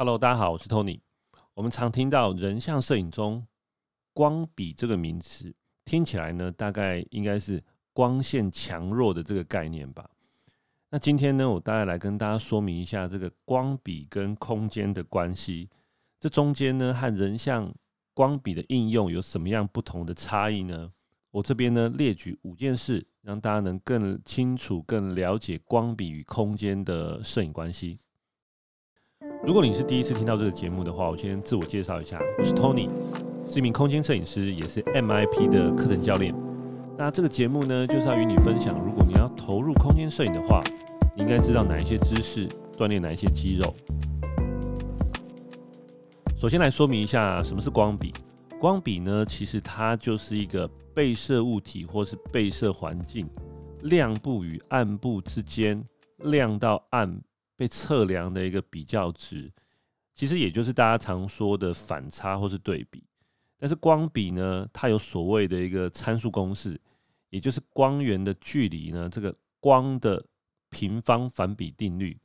Hello，大家好，我是 Tony。我們常聽到人像攝影中“光比”這個名詞，聽起來呢，大概應該是光線強弱的這個概念吧。那今天呢，我大概來跟大家說明一下這個光比跟空間的關係。這中間呢，和人像光比的應用有什麼樣不同的差異呢？我這邊呢，列舉五件事，讓大家能更清楚、更了解光比與空間的攝影關係。如果你是第一次聽到這個節目的話，我先自我介紹一下，我是 Tony，是一名空間攝影師，也是 MIP 的課程教練。那這個節目呢，就是要與你分享，如果你要投入空間攝影的話，你應該知道哪一些知識，鍛鍊哪一些肌肉。首先來說明一下什麼是光比。光比呢，其實它就是一個被攝物體或是被攝環境，亮部與暗部之間，亮到暗。被測量的一個比較值，其實也就是大家常說的反差或是對比。但是光比呢，它有所謂的一個參數公式，也就是光源的距離呢，這個光的平方反比定律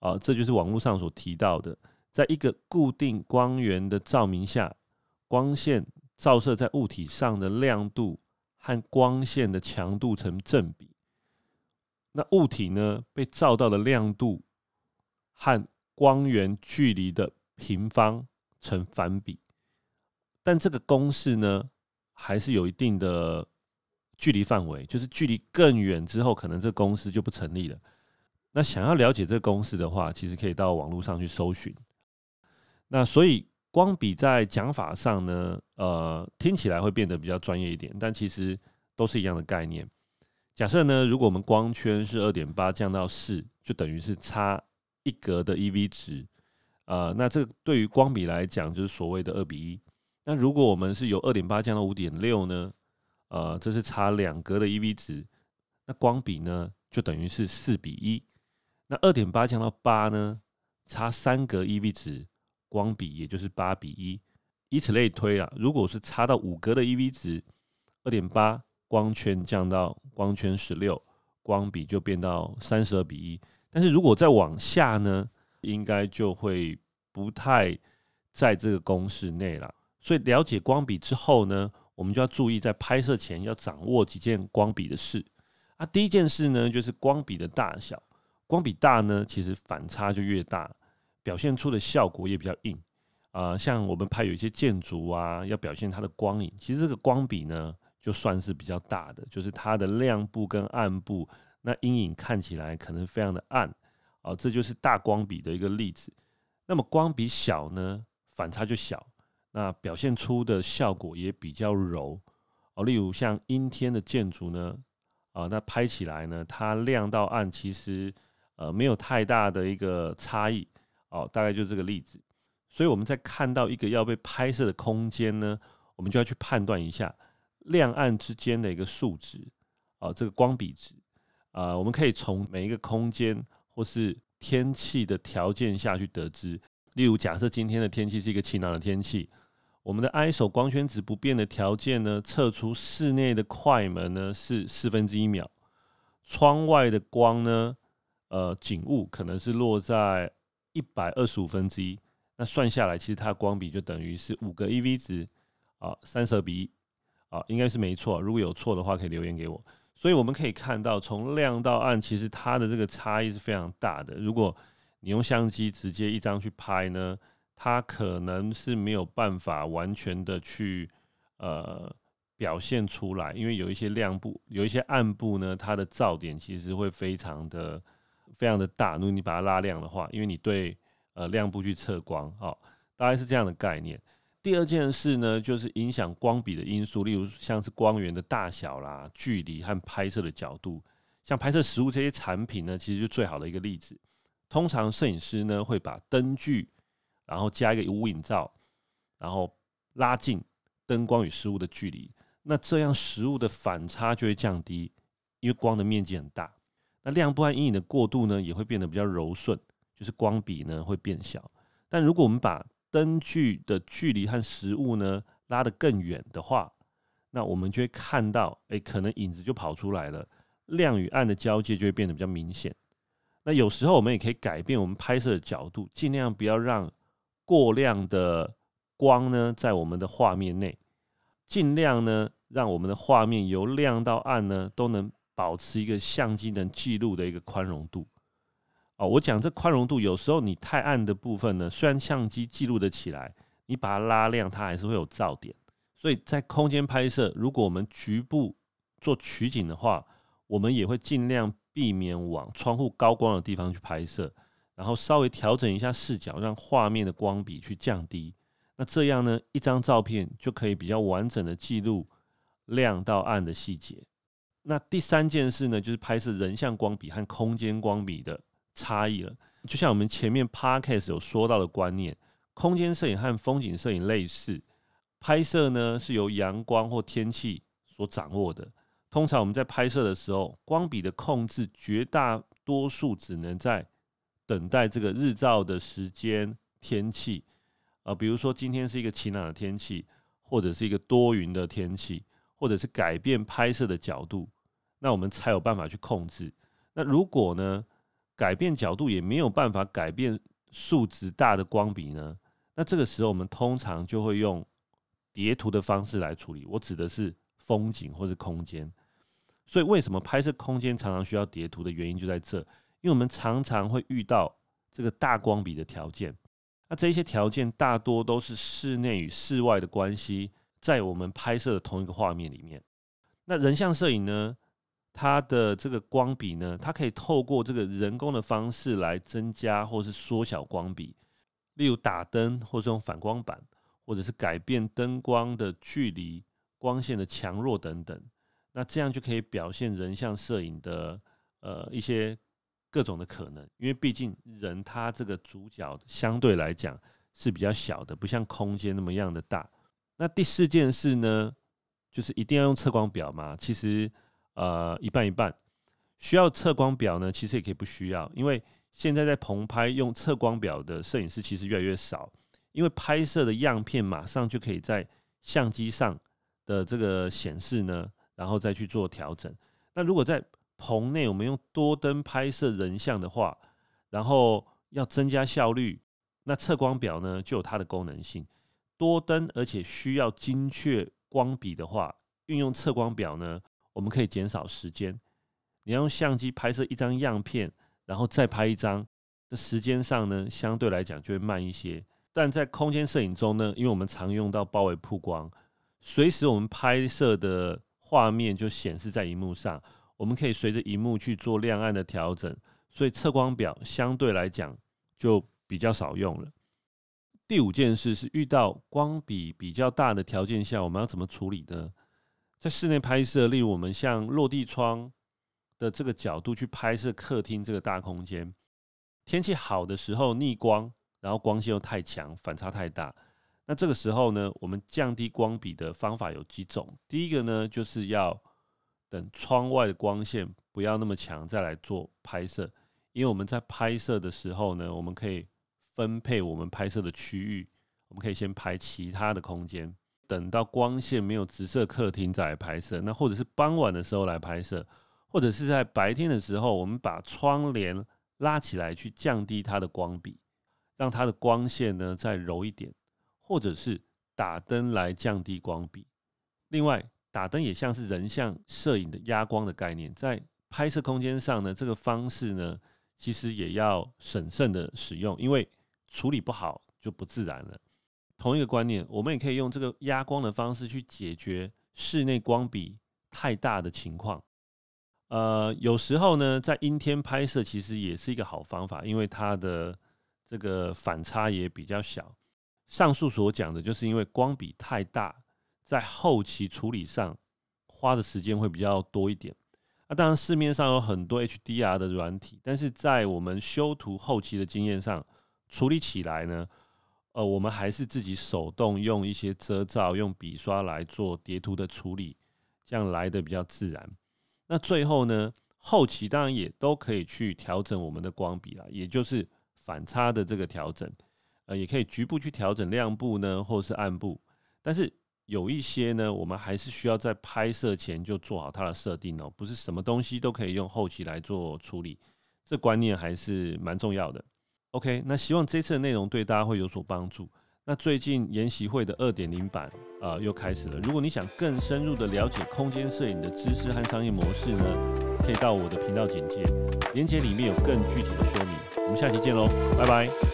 啊，這就是網絡上所提到的，在一個固定光源的照明下，光線照射在物體上的亮度和光線的強度成正比。那物體呢，被照到的亮度。和光源距離的平方成反比，但這個公式呢，還是有一定的距離範圍，就是距離更遠之後，可能這公式就不成立了。那想要了解這個公式的話，其實可以到網絡上去搜尋。那所以光比在講法上呢，呃，聽起來會變得比較專業一點，但其實都是一樣的概念。假設呢，如果我們光圈是二點八降到四，就等於是差。一格的 EV 值，呃，那這對於光比來講就是所謂的二比一。那如果我們是由二點八降到五點六呢？呃，這是差兩格的 EV 值，那光比呢就等於是四比一。那二點八降到八呢，差三格 EV 值，光比也就是八比一。以此類推啊，如果是差到五格的 EV 值，二點八光圈降到光圈十六，光比就變到三十二比一。但是如果再往下呢，應該就會不太在這個公式內了。所以了解光比之後呢，我們就要注意在拍攝前要掌握幾件光比的事啊。第一件事呢，就是光比的大小。光比大呢，其實反差就越大，表現出的效果也比較硬啊。呃，像我們拍有一些建築啊，要表現它的光影，其實這個光比呢，就算是比較大的，就是它的亮部跟暗部。那陰影看起來可能非常的暗，啊，這就是大光比的一個例子。那麼光比小呢，反差就小，那表現出的效果也比較柔，啊，例如像陰天的建築呢，啊，那拍起來呢，它亮到暗其實呃沒有太大的一個差異，哦，大概就這個例子。所以我們在看到一個要被拍攝的空間呢，我們就要去判斷一下亮暗之間的一個數值，啊，這個光比值。啊、呃，我們可以從每一個空間或是天氣的條件下去得知。例如，假設今天的天氣是一個晴朗的天氣，我們的 ISO 光圈值不變的條件呢，測出室內的快門呢是四分之一秒，窗外的光呢，呃，景物可能是落在一百二十五分之一，那算下來，其實它的光比就等於是五個 EV 值，啊，三十二比一，啊，應該是沒錯。如果有錯的話，可以留言給我。所以我們可以看到，從亮到暗，其實它的這個差異是非常大的。如果你用相機直接一張去拍呢，它可能是沒有辦法完全的去呃表現出來，因為有一些亮部、有一些暗部呢，它的噪點其實會非常的、非常的大。如果你把它拉亮的話，因為你對呃亮部去測光哦，大概是這樣的概念。第二件事呢，就是影響光比的因素，例如像是光源的大小啦、距離和拍攝的角度。像拍攝食物這些產品呢，其實就最好的一個例子。通常攝影師呢會把燈具，然後加一個無影罩，然後拉近燈光與食物的距離。那這樣食物的反差就會降低，因為光的面積很大。那亮部和陰影的過渡呢，也會變得比較柔順，就是光比呢會變小。但如果我們把燈具的距離和實物呢拉得更遠的話，那我們就會看到，誒、欸，可能影子就跑出來了，亮與暗的交界就會變得比較明顯。那有時候我們也可以改變我們拍攝的角度，盡量不要讓過亮的光呢在我們的畫面內，盡量呢讓我們的畫面由亮到暗呢都能保持一個相機能記錄的一個寬容度。我講這寬容度，有時候你太暗的部分呢，雖然相機記錄得起來，你把它拉亮，它還是會有噪點。所以在空間拍攝，如果我們局部做取景的話，我們也會盡量避免往窗戶高光的地方去拍攝，然後稍微調整一下視角，讓畫面的光比去降低。那這樣呢，一張照片就可以比較完整的記錄亮到暗的細節。那第三件事呢，就是拍攝人像光比和空間光比的差異了，就像我們前面 podcast 有說到的觀念，空間攝影和風景攝影類似，拍攝呢是由陽光或天氣所掌握的。通常我們在拍攝的時候，光比的控制，絕大多數只能在等待這個日照的時間、天氣。啊、呃，比如說今天是一個晴朗的天氣，或者是一個多雲的天氣，或者是改變拍攝的角度，那我們才有辦法去控制。那如果呢？改變角度也沒有辦法改變數值大的光比呢？那這個時候我們通常就會用疊圖的方式來處理。我指的是風景或是空間。所以為什麼拍攝空間常常需要疊圖的原因就在這，因為我們常常會遇到這個大光比的條件。那這些條件大多都是室內與室外的關係，在我們拍攝的同一個畫面裡面。那人像攝影呢？它的這個光比呢，它可以透過這個人工的方式來增加或是縮小光比，例如打燈或是用反光板，或者是改變燈光的距離、光線的強弱等等。那這樣就可以表現人像攝影的呃一些各種的可能，因為畢竟人他這個主角相對來講是比較小的，不像空間那麼樣的大。那第四件事呢，就是一定要用測光表嗎？其實。呃，一半一半，需要測光表呢，其實也可以不需要，因為現在在棚拍用測光表的攝影師其實越來越少，因為拍攝的樣片馬上就可以在相機上的這個顯示呢，然後再去做調整。那如果在棚內我們用多燈拍攝人像的話，然後要增加效率，那測光表呢就有它的功能性。多燈而且需要精確光比的話，運用測光表呢，我們可以減少時間。你要用相機拍攝一張樣片，然後再拍一張，這時間上呢，相對來講就會慢一些。但在空間攝影中呢，因為我們常用到包圍曝光，隨時我們拍攝的畫面就顯示在熒幕上，我們可以隨着熒幕去做亮暗的調整，所以測光表相對來講就比較少用了。第五件事是遇到光比比較大的條件下，我們要怎麼處理呢？在室內拍攝，例如我們向落地窗的這個角度去拍攝客廳這個大空間。天氣好的時候逆光，然後光線又太強，反差太大。那這個時候呢，我們降低光比的方法有幾種。第一個呢，就是要等窗外的光線不要那麼強，再來做拍攝。因為我們在拍攝的時候呢，我們可以分配我們拍攝的區域，我們可以先拍其他的空間。等到光線沒有直射客廳再來拍攝，那或者是傍晚的時候來拍攝，或者是在白天的時候，我們把窗簾拉起來去降低它的光比，讓它的光線呢再柔一點，或者是打燈來降低光比。另外，打燈也像是人像攝影的壓光的概念，在拍攝空間上呢，這個方式呢，其實也要審慎的使用，因為處理不好就不自然了。同一個觀念，我們也可以用這個壓光的方式去解決室內光比太大的情況。呃，有時候呢，在陰天拍攝其實也是一個好方法，因為它的這個反差也比較小。上述所講的就是因為光比太大，在後期處理上花的時間會比較多一點。那、啊、當然，市面上有很多 HDR 的軟體，但是在我們修圖後期的經驗上，處理起來呢，呃，我們還是自己手動用一些遮罩，用筆刷來做疊圖的處理，這樣來得比較自然。那最後呢，後期當然也都可以去調整我們的光比啦，也就是反差的這個調整，呃，也可以局部去調整亮部呢，或是暗部。但是有一些呢，我們還是需要在拍攝前就做好它的設定哦、喔，不是什麼東西都可以用後期來做處理，這觀念還是蠻重要的。OK，那希望這次的內容對大家會有所幫助。那最近研習會的二點零版啊，呃，又開始了。如果你想更深入的了解空間攝影的知識和商業模式呢，可以到我的頻道簡介，鏈接裡面有更具體的說明。我們下期見嘍，拜拜。